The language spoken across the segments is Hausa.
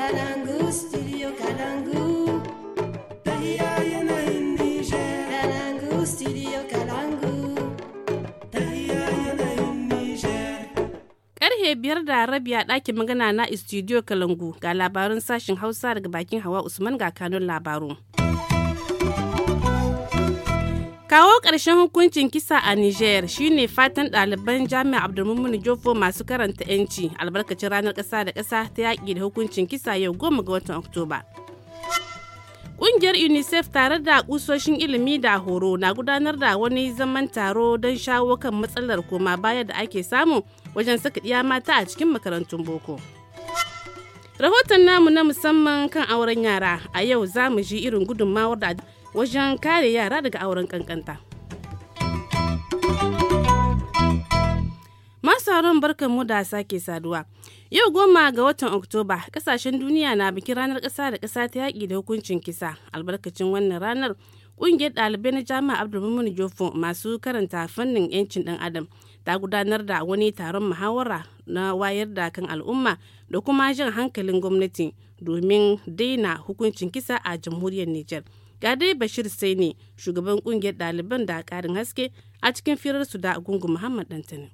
Kalangu, biyar da rabi a ɗakin magana na studio Kalangu ga labarun sashen Hausa daga bakin Hawa Usman ga kanun labaru. Kawo ƙarshen hukuncin kisa a Niger shine fatan ɗaliban Jami'a Abdulmumin Jofo masu karanta 'yanci albarkacin ranar ƙasa da ƙasa ta yaƙi da hukuncin kisa yau goma ga watan Oktoba. Ƙungiyar UNICEF tare da ƙusoshin ilimi da horo na gudanar da wani zaman taro don shawo kan matsalar koma baya da ake samu wajen saka ɗiya mata a cikin makarantun boko. Rahoton namu na musamman kan auren yara a yau za mu ji irin gudunmawar da wajen kare yara daga auren kankanta. Masu barkan mu da sake saduwa. Yau goma ga watan Oktoba, kasashen duniya na bikin ranar kasa da kasa ta yaƙi da hukuncin kisa. Albarkacin wannan ranar, ƙungiyar ɗalibai na jami'a Abdulmumin Jofo masu karanta fannin 'yancin ɗan Adam ta gudanar da wani taron muhawara na wayar da kan al'umma da kuma jan hankalin gwamnati domin daina hukuncin kisa a jamhuriyar Nijar. Ga dai Bashir Sani shugaban kungiyar ɗaliban da ƙarin haske a cikin firarsu da gungu muhammad dantani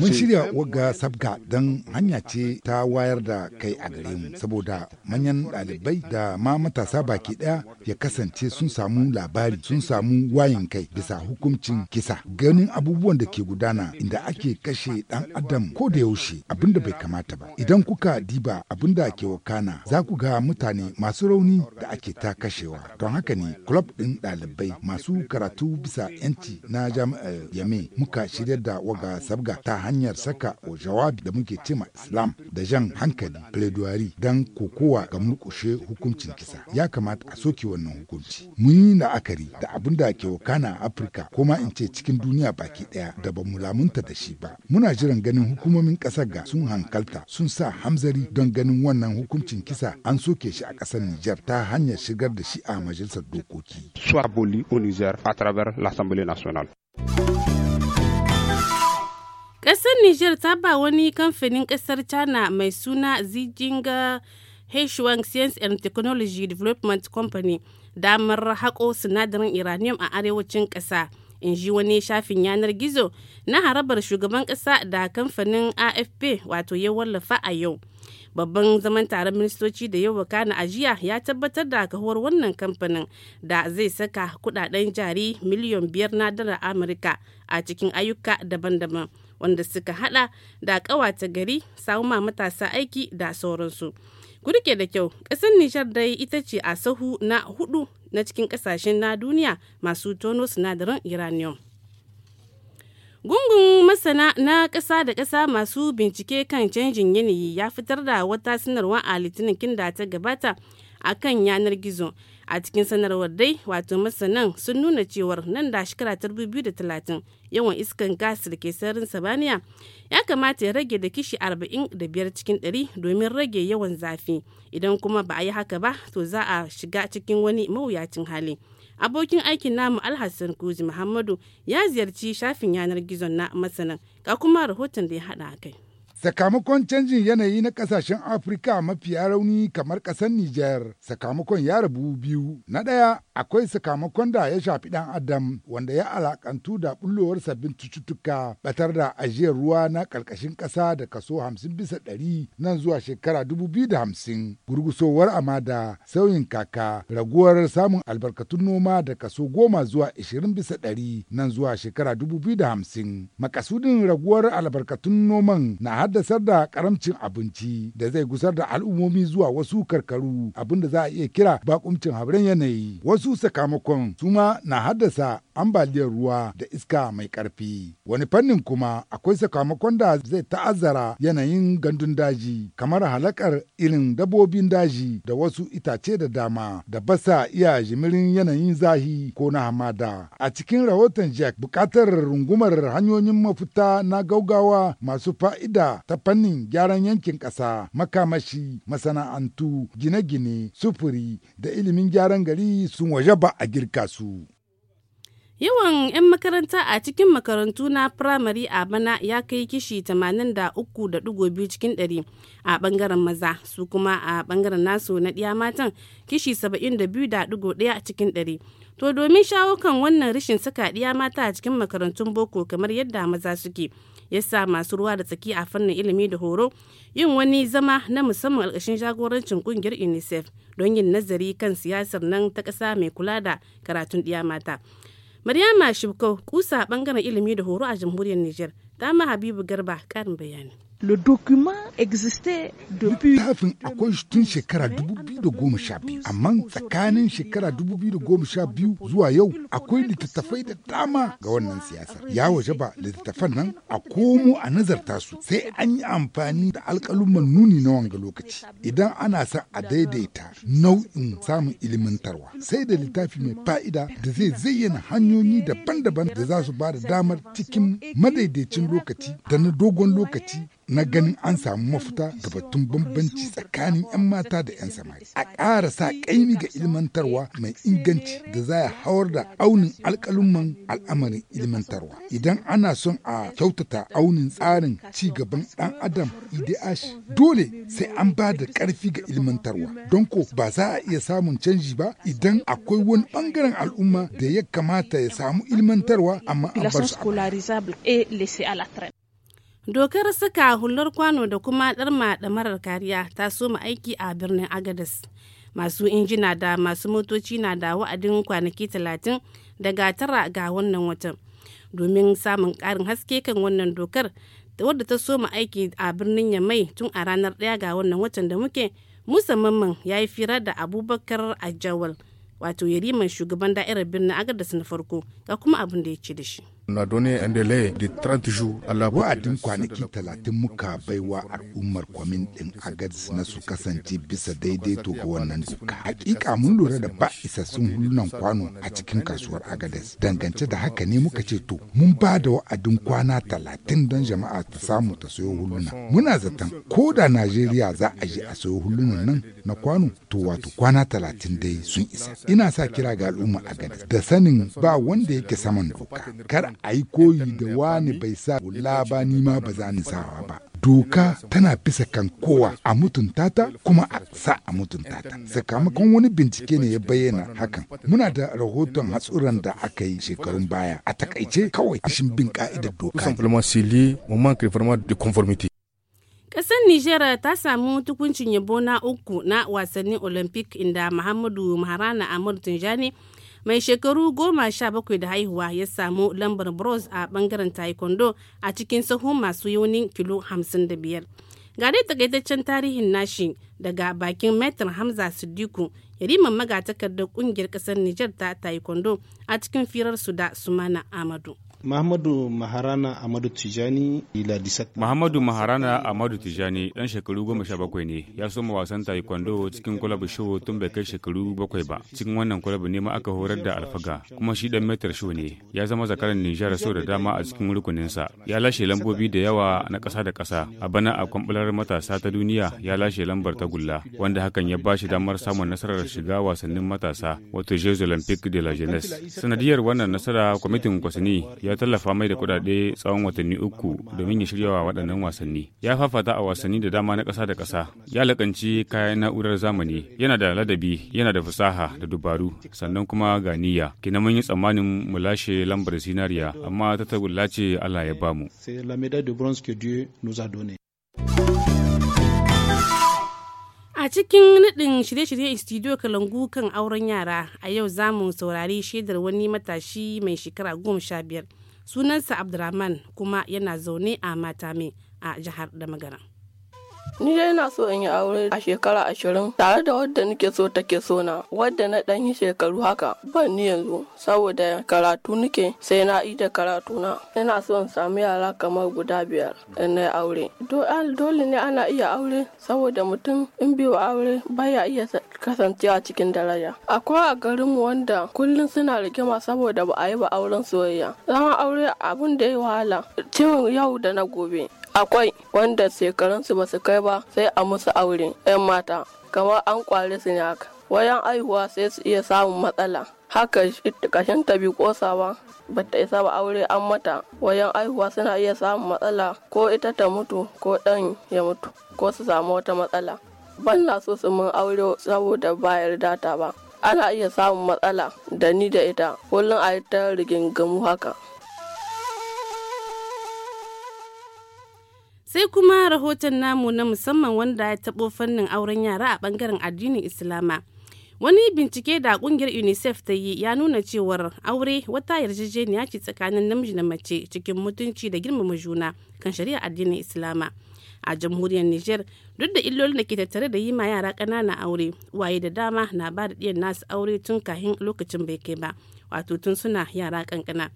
Mun shirya wagga sabga don hanya ce ta wayar da kai a gare mu saboda manyan ɗalibai da ma matasa baki ɗaya ya kasance sun samu labari sun samu wayin kai bisa hukuncin kisa ganin abubuwan da ke gudana inda ake kashe ɗan adam ko da yaushe abin bai kamata ba. Idan kuka diba abinda ke wakana za ku ga mutane masu rauni da ake ta kashewa don haka ne ne club ɗin ɗalibai masu karatu bisa 'yanci na jami'ar Yame muka shirya da waga sabga ta hanyar saka wa jawabi da muke cema Islam da jan hankali pledoari don kokowa ga murƙushe hukuncin kisa. Ya kamata a soke wannan hukunci. Mun yi la'akari da abin da ke wakana a Afirka ko ma in ce cikin duniya baki ɗaya da ba mu lamunta da shi ba. Muna jiran ganin hukumomin ƙasar ga sun hankalta sun sa hamzari don ganin wannan hukuncin kisa an soke shi a ƙasar Nijar ta hanyar shigar da shi a majalisar dokoki soit aboli au Niger à travers l'Assemblée nationale. Ƙasar Nijar ta ba wani kamfanin ƙasar China mai suna H1 Science and Technology Development Company damar haƙo sinadarin uranium a arewacin ƙasa. in ji wani shafin yanar gizo na harabar shugaban ƙasa da kamfanin afp wato ya wallafa a yau babban zaman taron ministoci da yau wakana ajiya ya tabbatar da kahuwar wannan kamfanin da zai saka kudaden jari miliyan biyar na dala amurka a cikin ayyuka daban-daban wanda suka hada da kawata gari samu matasa aiki da sauransu kurke da kyau ƙasar nijar dai ita ce a sahu na hudu na cikin ƙasashen na duniya masu tono sinadarin uranium Gungun masana na ƙasa da ƙasa masu bincike kan canjin yanayi ya fitar da wata sanarwa a litinin da ta gabata a kan yanar gizo. A cikin sanarwar dai wato masanan sun nuna cewar nan da shekara ta 2030 yawan iskan gas da ke sararin sabaniya ya kamata ya rage da kishi 45 cikin 100 domin rage yawan zafi. Idan kuma ba a yi haka ba to za a shiga cikin wani mawuyacin hali. abokin aikin namu alhassan kuzi muhammadu ya ziyarci shafin yanar gizon na masanan ga kuma rahoton da ya haɗa kai sakamakon canjin yanayi na kasashen afirka mafiya rauni kamar kasar niger sakamakon ya rabu biyu na ɗaya akwai sakamakon da ya shafi ɗan adam wanda ya alakantu da bullowar sabbin cututtuka batar da ajiyar ruwa na ƙarƙashin ƙasa da kaso 50 bisa ɗari nan zuwa shekara 2050 gurgusowar amada sauyin kaka raguwar samun albarkatun noma da kaso 10 zuwa 20 bisa ɗari nan zuwa shekara 2050 makasudin raguwar albarkatun noman na haddasar da karamcin abinci da zai gusar da al'ummomi zuwa wasu karkaru abinda za a iya kira bakuncin habren yanayi wasu wasu sakamakon suma na haddasa ambaliyar ruwa da iska mai ƙarfi. Wani fannin kuma akwai sakamakon da zai ta'azzara yanayin gandun daji kamar halakar irin dabobin daji da wasu itace da dama da basa iya jimirin yanayin zahi ko na hamada. A cikin rahoton Jack bukatar rungumar hanyoyin mafita na gaugawa masu fa'ida ta fannin gyaran yankin ƙasa, makamashi, masana'antu, gine-gine, sufuri da ilimin gyaran gari sun waje ba a girka su. Yawan 'yan makaranta a cikin makarantu na firamare a bana ya kai kishi 83.2 cikin 100 a bangaren maza su kuma a bangaren nasu na ɗiya matan kishi 72.1 cikin 100 To domin shawo kan wannan rashin saka ɗiya mata a cikin makarantun boko kamar yadda maza suke yasa masu ruwa da tsaki a fannin ilimi da horo yin wani zama na musamman alkashin jagorancin ƙungiyar UNICEF don yin nazari kan siyasar nan ta ƙasa mai kula da karatun ɗiya mata. Maryama Shibko kusa bangaren ilimi da horo a jamhuriyar Nijar, Dama Habibu Garba ƙarin bayani. le document existait depuis littafin akwai tun shekara 2012 amma tsakanin shekara biyu zuwa yau akwai littattafai da dama ga wannan siyasa ya waje ba littattafan nan a komo a nazarta su sai an yi amfani da alƙalumman nuni na wanga lokaci idan ana son a daidaita nau'in samun ilimantarwa sai da littafi mai fa'ida da zai zayyana hanyoyi daban-daban da za su ba da damar cikin madaidaicin lokaci da na dogon lokaci na ganin an samu mafita ga batun bambanci tsakanin 'yan mata da 'yan samari a ƙara sa ƙaimi ga ilmantarwa mai inganci da za ya hawar da aunin alƙalumman al'amarin ilmantarwa idan ana son a kyautata aunin tsarin ci gaban ɗan adam idh dole sai an ba da ƙarfi ga ilmantarwa don ko ba za a iya samun canji ba idan akwai wani ɓangaren al'umma da ya kamata ya samu ilmantarwa amma an bar su dokar saka hular kwano da kuma ɗarma marar kariya ta soma aiki a birnin agadas masu injina da masu motoci na da wa'adin kwanaki talatin daga tara ga wannan watan domin samun ƙarin haske kan wannan dokar wadda ta soma aiki a birnin yamai tun a ranar ɗaya ga wannan watan da muke musamman ya yi fira da abubakar ajawal wato yariman shugaban da'irar birnin agadas na farko ga kuma abin da ya ci da shi na a Wa'adin kwanaki talatin muka baiwa al'ummar kwamin din Agadis na su kasance bisa daidaito ga wannan doka. Hakika mun lura da ba isassun hulunan kwano a cikin kasuwar Agadis. Dangance da haka ne muka ce to mun ba da wa'adin kwana talatin don jama'a ta samu ta sayo huluna. Muna zaton ko da Najeriya za a je a sayo hulunan nan na kwano to wato kwana talatin dai sun isa. Ina sa kira ga al'umma Agadis da sanin ba wanda yake saman doka. Kar a yi koyi da wani bai sa hula ba ni ma ba za ni sawa ba doka tana bisa kan kowa a mutunta ta kuma a sa a mutunta ta sakamakon wani bincike ne ya bayyana hakan muna da rahoton hatsuran da aka yi shekarun baya a takaice kawai ashin bin ka'idar doka Ƙasar Nijar ta samu tukuncin yabo na uku na wasannin Olympic inda Muhammadu Maharana Amur Tunjani mai shekaru goma sha bakwai da haihuwa ya samu lambar bros a bangaren taekwondo a cikin sahu masu yunin kilo hamsin da biyar ga dai takaitaccen tarihin nashi daga bakin metin hamza siddiku yariman magatakardar kungiyar kasar nijar ta taekwondo a cikin firar su da sumana amadu mahamadu Maharana Amadu Tijani ila Mahamadu Maharana Amadu Tijani dan shekaru goma sha bakwai ne ya soma wasan taekwondo cikin kwalabu show tun bai kai shekaru bakwai ba cikin wannan kwalabu ne ma aka horar da alfaga kuma shi dan metar show ne ya zama zakaran Nijar sau da dama a cikin sa ya lashe lambobi da yawa na kasa da kasa a bana a kwambular matasa ta duniya ya lashe lambar tagulla wanda hakan ya bashi damar samun nasarar shiga wasannin matasa wato Jeux Olympiques de la Jeunesse sanadiyar wannan nasara kwamitin kwasini ya ya tallafa mai da kudade tsawon watanni uku domin ya shirya wa waɗannan wasanni. Ya fafata a wasanni da dama na ƙasa da ƙasa. Ya lakanci kayan na'urar zamani, yana da ladabi, yana da fasaha da dubaru, sannan kuma ga niyya. Kina mun yi tsammanin mu lashe lambar zinariya, amma ta tagulla ce Allah ya bamu. A cikin nadin shirye-shirye studio Kalangu kan auren yara a yau zamu saurari shaidar wani matashi mai shekara goma sha biyar sunansa abdurrahman kuma yana zaune a matame a jihar damagaran Ni dai ina so in yi aure a shekara ashirin tare da wadda nake so take so na wadda na ɗan yi shekaru haka ban ni yanzu saboda karatu nake sai na yi da karatu na. Ina so in sami yara kamar guda biyar in na aure. Dole ne ana iya aure saboda mutum in biyu aure baya iya kasancewa cikin daraja. Akwai a garin mu wanda kullum suna rigima saboda ba a yi ba auren soyayya. Zama aure abun da ya wahala. Cewa yau da na gobe. akwai wanda shekarunsu ba su kai ba sai a musu aure 'yan mata kamar an kwari su ne haka wayan aihuwa sai su iya samun matsala haka kashin ta bi kosawa ba ta isa ba aure an mata wayan aihuwa suna iya samun matsala ko ita ta mutu ko ɗan ya mutu ko su samu wata matsala ban na so su mun aure saboda ba yarda ta ba ana iya samun matsala da ni da ita kullum a yi ta rigingamu haka sai kuma rahoton namu na musamman wanda ya taɓo fannin auren yara a ɓangaren addinin islama wani bincike da kungiyar unicef ta yi ya nuna cewar aure wata yarjejeniya ce tsakanin namiji da mace cikin mutunci da girmama juna kan shari'a addinin islama a jamhuriyar niger duk da illolin da ke tattare da yi ma yara ƙanana aure waye da dama na ba da ɗiyan nasu aure tun kahin lokacin bai kai ba wato tun suna yara ƙanƙana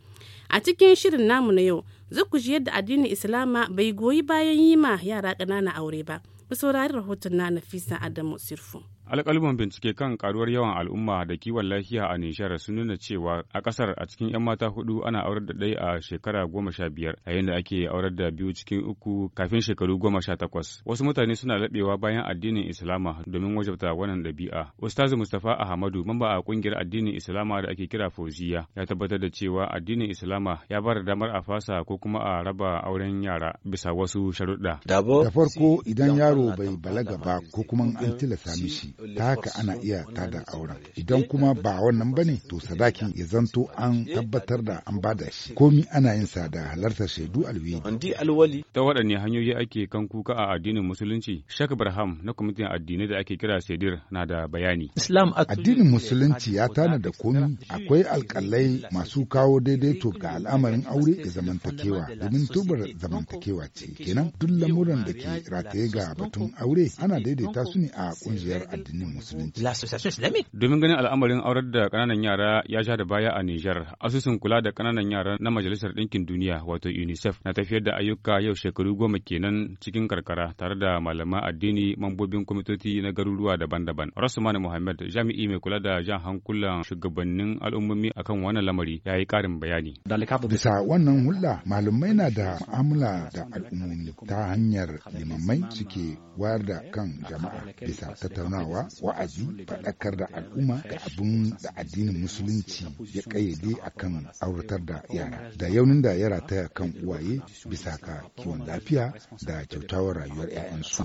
A cikin shirin namu na yau, za ku ji yadda addinin Islama bai goyi bayan yi ma yara ƙanana aure ba. Ku saurari rahoton na Nafisa Adamu Sirfu. alƙaluman bincike kan karuwar yawan al'umma da kiwon lafiya a nishar sun nuna cewa a ƙasar a cikin 'yan mata hudu ana aurar da ɗaya a shekara goma sha biyar yayin da ake aurar da biyu cikin uku kafin shekaru goma sha takwas wasu mutane suna laɓewa bayan addinin islama domin wajabta wannan ɗabi'a ustazu mustapha ahmadu mamba a ƙungiyar addinin islama da ake kira fauziya ya tabbatar da cewa addinin islama ya ba da damar a fasa ko kuma a raba auren yara bisa wasu sharuɗa da farko idan yaro bai balaga ba ko kuma an tilasta mishi ta haka ana iya tada auren idan kuma ba wannan bane to sadaki ya zanto an tabbatar da an bada shi komi ana yin sa da halartar shaidu alwali ta waɗanne hanyoyi ake kan kuka a addinin musulunci shak barham na kwamitin addinai da ake kira sedir na da bayani islam addinin musulunci ya tana da komi akwai alƙalai masu kawo daidaito ga al'amarin aure da zamantakewa domin tubar zamantakewa ce kenan duk lamuran da ke rataye ga batun aure ana daidaita su ne a ƙungiyar addini addinin musulunci. Domin ganin al'amarin aurar da kananan yara ya sha da baya a Nijar, asusun kula da kananan yara na Majalisar Ɗinkin Duniya wato UNICEF na tafiyar da ayyuka yau shekaru goma kenan cikin karkara tare da malaman addini mambobin kwamitoci na garuruwa daban-daban. Rasumani Muhammad jami'i mai kula da jan hankulan shugabannin al'ummomi akan wannan lamari ya yi ƙarin bayani. Bisa wannan hulɗa malamai na da mu'amala da al'ummomi ta hanyar limamai suke wayar da kan jama'a bisa tattaunawa cewa wa'azi faɗakar da al'umma ga abin da addinin musulunci ya ƙayyade a kan auratar da yara da yaunin da yara ta kan uwaye bisa ka kiwon lafiya da kyautawar rayuwar 'ya'yansu.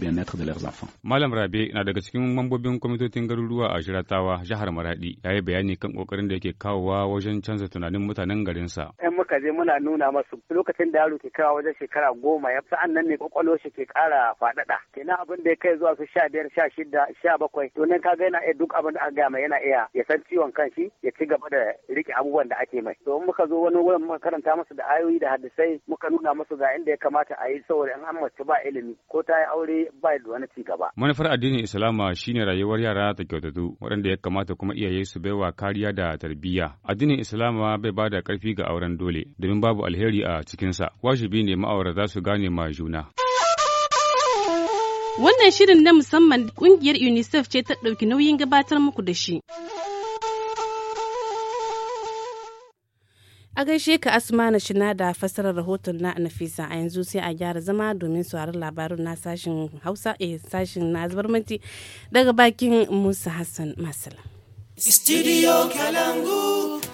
Malam Rabe na daga cikin mambobin kwamitocin garuruwa a Shiratawa jihar Maradi ya yi bayani kan kokarin da yake kawowa wajen canza tunanin mutanen garinsa. Yan muka je muna nuna masu lokacin da yaro ke kawo wajen shekara goma ya fi sa'an nan ne kwakwalwar shi ke kara faɗaɗa. Kenan abin da ya kai zuwa su sha biyar sha shida sha bakwai bakwai to nan kaga yana duk abin da aka gama yana iya ya san ciwon kanshi ya ci gaba da rike abubuwan da ake mai to muka zo wani wurin muka karanta masa da ayoyi da hadisai muka nuna masa ga inda ya kamata a yi saboda in an mace ba ilimi ko ta yi aure ba da wani ci gaba manufar addinin islama shine rayuwar yara ta kyautatu waɗanda ya kamata kuma iyaye su baiwa kariya da tarbiyya addinin islama bai ba da ƙarfi ga auren dole domin babu alheri a cikinsa wajibi ne ma'aurata su gane ma juna Wannan shirin na musamman kungiyar UNICEF ce ta ɗauki nauyin gabatar muku da shi. A gaishe ka asma na shina da fasarar rahoton na Nafisa a yanzu sai a gyara zama domin sauraron labarun na sashen Hausa eh sashen na daga bakin Musa Hassan Masala. Studio Kalangu.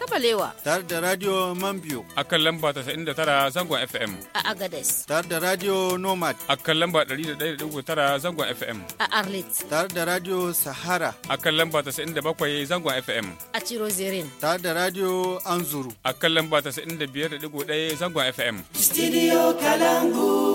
Kabalewa. Tare da Radio Mambio. A kan lamba tara zangon FM. A Agades. Tare da Radio Nomad. A kan lamba tara zangon FM. A Arlit. Tare da Radio Sahara. A kan lamba bakwai zangon FM. A Chirozirin. Tare da Radio Anzuru. A kan lamba biyar 95.1 zangon FM. Studio Kalangu.